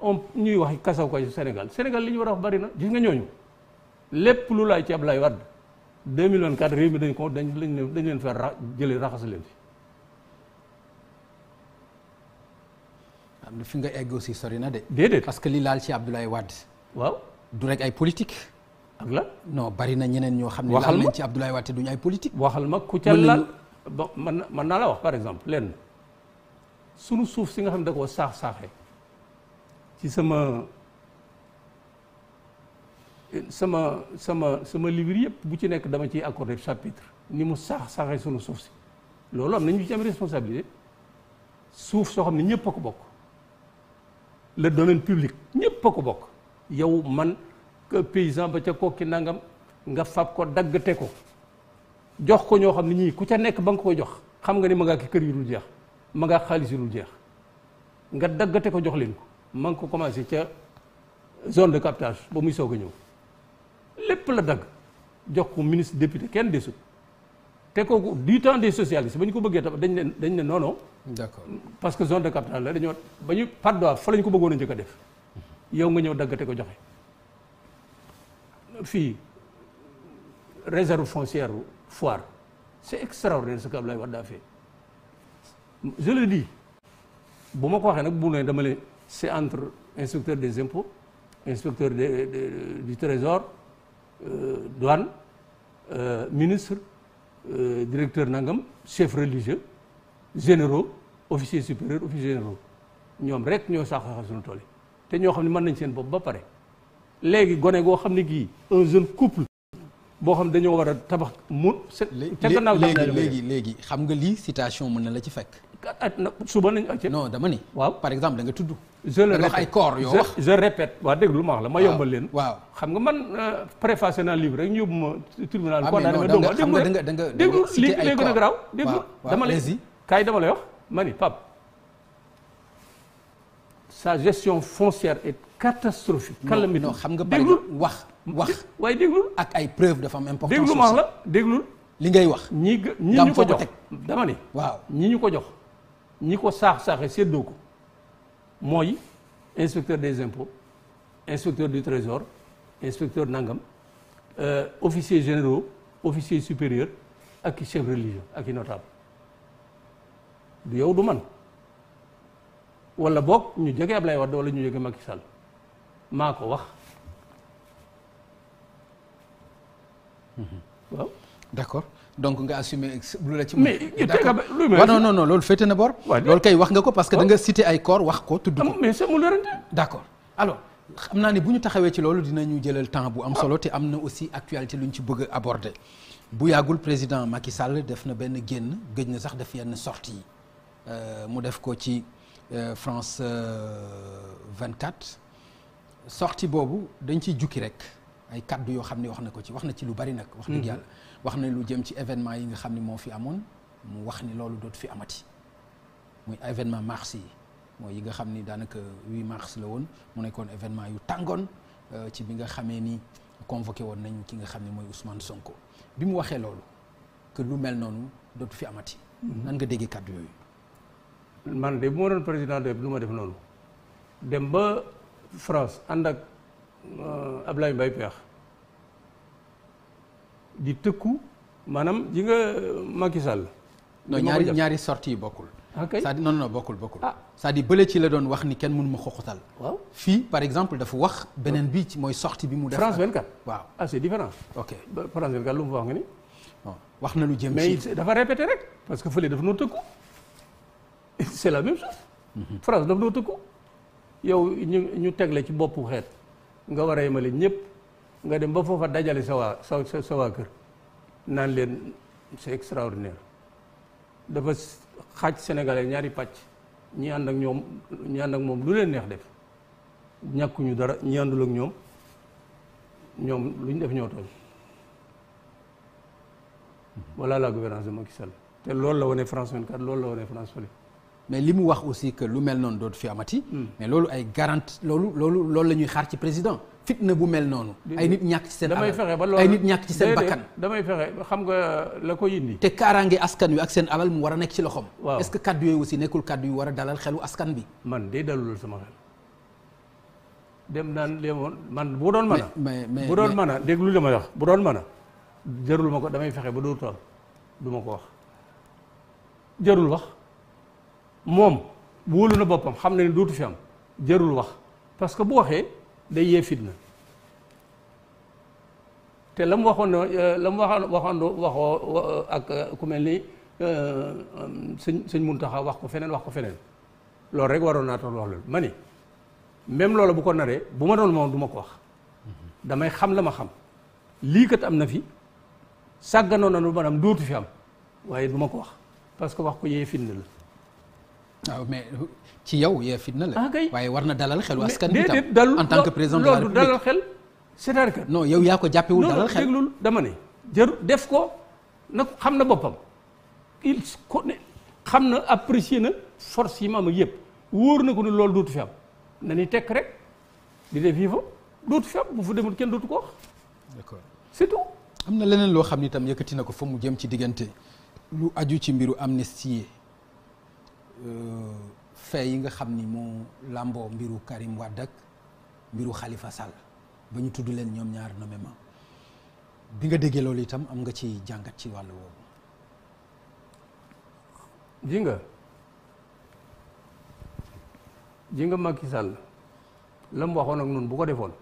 om ñuy wax kasaw ko ci Sénégal Sénégal li ñu war a bari na gis nga ñooñu lépp lu laay ci Ablaye Wade 2024 réew mi dañ ko dañ dañ leen fa ra jëlee raxas leen fi. am na nga egg aussi sori na de. déedéet parce que li laal ci Abdoulaye Wade. waaw du rek ay politique. ak la non bari na ñeneen ñoo xam ne. waxal ma laal nañ ci Abdoulaye Wade te duñu ay politique. waxal ma ku ca laal ba mën naa la wax par exemple leen sunu suuf si nga xam da koo saax saaxee. ci sama sama sama sama livre yëpp bu ci nekk dama ciy accordé chapitre ni mu sax saxee sunu suuf si loolu am nañu ci am responsabilité suuf soo xam ne ñëpp ko bokk le domaine publique ñëpp a ko bokk yow man paysan ba ca kokki nangam nga fab ko daggate ko jox ko ñoo xam ne ñii ku ca nekk ba nga ko jox xam nga ni ma ngaa ki kër yu dul jeex ma ngaa xaalis yu dul jeex nga daggate ko jox leen ko ma ngi ko commencé ca zone de captage ba muy soog a ñëw lépp la dagg jox ko ministre député kenn desut te kooku du temps des socialistes ba ñu ko bëggee tam dañ ne dañ ne non non. parce que zone de captage la dañoo ba ñu Patte fa lañ ko bëggoon a njëkk def yow nga ñëw daggate ko joxe fii réserve foncière foire c'est extraordinaire ce que Abdoulaye Wade a fait je le bu ma ko waxee nag bu ne dama c'est entre inspecteur des impôts inspecteur des, des, du trésor euh, douane euh, ministre euh, directeur nangam chef religieux généraux officiers supérieurs officiers généraux ñoom rek ñoo saxaxa suñu tool yi te ñoo xam ne mën nañ seen bopp ba pare léegi gone goo xam ne gii un jeune couple boo xam dañoo war a tabax mu. ca gannaaw léegi léegi léegi xam nga lii citation mën na la ci fekk. at na suba nañu ak non dama ni. waaw par exemple da nga tudd. je le ay corps yoo wax. je répète waaw lu ma la ma yombal leen. waaw xam nga man euh, préfacé naa livre rek ñu yóbbu ma tribunal. waaw ah, mais non da nga danga nga da nga da nga cité ay corps déglu léegi léegi gën a garaaw. déglu dama lay kaay dama lay wax ma ni Pape. sa gestion foncière est catastrophique. calamité non xam nga bari wax wax. waaye déglul ak ay preuve dafa am importance. déglul ma wax la déglul. li ngay wax. ñi ñii ñu ko jox dama ne. waaw ñii ñu ko jox. ñi ko saax saaxe séddoo ko mooy inspecteur des impôts inspecteur du trésor inspecteur nangam euh, officiers généraux officier supérieurs ak i chefs religieux ak i notables du yow du man. wala boog ñu jógee Ablaye Wade wala ñu jógee Macky Sall maa ko wax mhm. waaw d'accord donc nga assumé lu la ci. mais waaw non non non loolu féete na bor. loolu kay wax nga ko parce que da nga cité ay corps wax ko tudd ko. mais alo mu xam naa ne bu ñu taxawee ci loolu ñu jëlal temps bu am solo te am na aussi actualité lu ñu ci bëgg a bu yàggul président Macky Sall def na benn génn gëj na sax def yenn sortie yi euh, mu def ko ci. Euh, France 24 euh, sortie boobu dañ ciy jukki rek ay kàddu yoo xam ne wax na ko ci wax na ci lu bari nag. wax dëgg mm-hmm. yàlla wax na lu jëm ci événement yi nga xam ne moo fi amoon mu wax ni loolu dootu fi amati muy événement mars yi mooy yi nga xam ni daanaka 8 mars la woon mu nekkoon événement yu tàngoon euh, ci bi nga xamee ni convoqué woon nañ ki nga xam ne mooy Ousmane Sonko bi mu waxee loolu que lu mel noonu dootu fi amati. Mm-hmm. nan nga déggee kàddu yooyu. man de bu ma doon président de du def noonu dem ba France ànd ak euh, Ablaye Mbaye Peex di tëkku maanaam ji nga euh, Macky Sall. non ñaari ñaari yi bokkul. ok ah, c'est-à-dire non non bokkul bokkul. ah bële ci la doon wax ni kenn mënu ma xoxotal. waaw fii par exemple dafa wax beneen bi ci mooy sortie bi mu. def France 24 waaw ah c'est différent. ok France 24 lu mu wax nga ni. wax na lu jëm ci dafa répété rek parce que fële dafa noo tëkku. c'est la même chose. Mhm. France daf doo tëkku yow ñu ñu teg ci boppu xeet nga war a yemale ñëpp nga dem ba foofa dajale sa waa sa sa waa kër naan leen c'est extraordinaire dafa xaaj sénégalais ñaari pàcc ñi ànd ak ñoom ñi ànd ak moom lu leen neex def ñàkkuñu dara ñi àndul ak ñoom ñoom lu def ñoo tooñ mhm. voilà la gouvernance de Macky Sall te loolu la wane France 24 loolu la wane France fële mais li mu wax aussi que lu mel noonu dootu fi amati. Hmm. mais loolu ay garanti loolu loolu loolu la ñuy xaar ci président fitna bu mel noonu. ay nit ñàkk ci seen alal fexe ba loolu ay nit ñàkk ci seen bakkan. damay fexe xam nga la ko indi. te kaaraange askan wi ak seen alal mu war a nekk ci loxoom. waaw est-ce que kaddu yooyu aussi nekkul kaddu yu war a dalal bi. man day dalul sama xel. dem naan léemoon man bu doon mën mais mais bu mën a déglu li ma wax bu doon mën a. jarul ma ko damay fexe ba dootul am du ma ko wax jarul wax. moom wóolu na boppam xam na ne dootu fi am jarul wax parce que bu waxee day yee fitna te la mu waxoon la mu waxoon waxoon waxoo euh, ak euh, ku mel ni euh, sëñ sëñ Muntaxa wax ko feneen wax ko feneen loolu rek waroon naa toon wax loolu ma ni même loola bu ko naree bu ma doon moom du ma ko wax damay xam la ma xam lii kat am na fi sàgganoon na nu maanaam dootu fi am waaye du ma ko wax parce que wax ko yee fitna la waaw mais ci yow yee fitna la. ah waaye war na dalal xelu askan bi tam en tant que président de la xel. c'est-à-dire yaa ko jàppewul dalal xel déglul dama ne. jëru def ko na xam na boppam ko xam na apprécier na force yi ma am yëpp wóor na ko ni loolu dootu fi am na tekk rek di def vivo dootu fi demul kenn dootu ko wax. d'accord am na leneen loo xam ni itam yëkkati na ko fa mu jëm ci diggante lu aju ci mbiru amnistie Euh, fee yi nga xam ni moo làmboo mbiru Karim Wade mbiru xalifa Sall ba ñu tudd leen ñoom ñaar nommément bi nga déggee loolu itam am nga ci jàngat ci wàll woowu. ji nga ji nga Macky la mu waxoon ak noonu bu ko defoon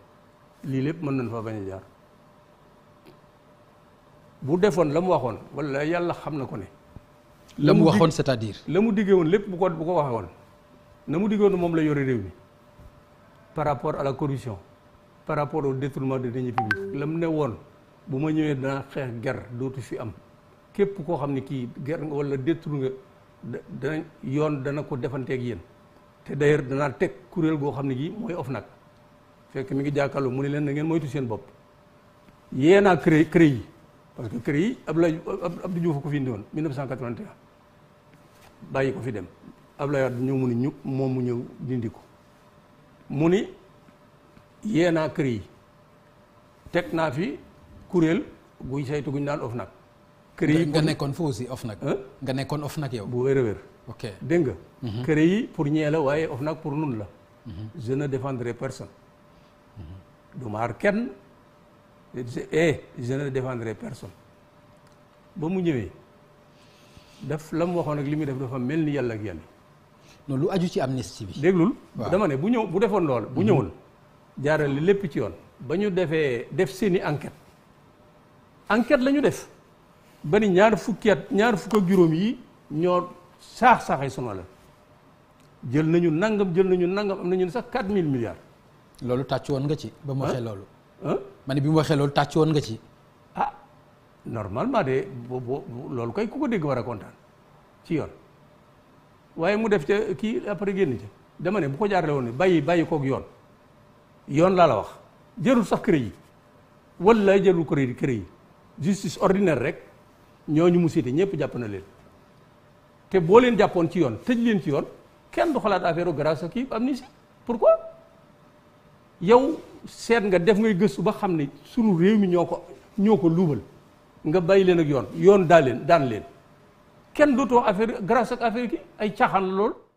lii lépp mën nañ fa bañ a jaar bu defoon la mu waxoon wala yàlla xam na ko ne. la mu waxoon c'est-à-dire. la mu diggee woon lépp bu ko bu ko waxee woon na mu diggee woon moom la yore réew mi par rapport à la corruption par rapport au détournement de deniers publics la mu ne woon bu ma ñëwee danaa xeex ger dootu fi am képp koo xam ne kii ger nga wala détour nga da yoon dana ko defanteek yéen te d'ailleurs danaa teg kuréel goo xam ne gii mooy nag fekk mi ngi jàkkaarloo mu ne leen na ngeen moytu seen bopp yéen a créé CREI yi parce que CREI yi Abdoulaye Abdou Diouf ko fi indi woon bàyyi ko fi dem Abdoulaye Wade ñëw mu ni ñukk moom mu ñëw dindi ko mu ni yee naa kër yi teg naa fi kuréel guy saytu guñ daan OFNAC kër yi nga nekkoon foofu si OFNAC nga nekkoon OFNAC yow bu wér a wér ok dégg nga mhm. kër yi pour ñee la waaye OFNAC pour nun la mhm. jeune ne défendrai personne mhm. du maar kenn et eh, je ne défendrai personne ba mu ñëwee def la mu waxoon ak li muy def dafa mel ni yàlla ak yàlla. loolu aju ci amnistie bi. déglul dama ne bu ñëw bu defoon loolu bu ñëwoon jaaral lépp ci yoon. ba ñu defee def seeni enquete enquête la ñu def ba ni ñaar fukki at ñaar fukk ak juróom yi ñoo saax saaxay la jël nañu nangam jël nañu nangam am ñu ne sax 4000 milliards. loolu tàcc woon nga ci. ba mu waxee loolu. ma ne bi mu waxee loolu tàcc woon nga ci. normalement de boo loolu kay ku ko dégg war a kontaan ci yoon waaye mu def ca kii après génn ca dama bu ko jaarle woon ne bàyyi bàyyi kook yoon yoon laa la wax jërul sax kër yi wala jërul kër yi yi justice ordinaire rek ñoo ñu mu siite ñëpp jàpp na leen te boo leen jàppoon ci yoon tëj leen ci yoon kenn du xalaat affaire grâce kii am amnistie pourquoi yow seet nga def ngay gëstu ba xam ne suru réew mi ñoo ko ñoo ko luubal nga bàyyi leen ak yoon yoon daa leen daan leen kenn dootoo affaire grâce ak affaire ay caaxaan lool.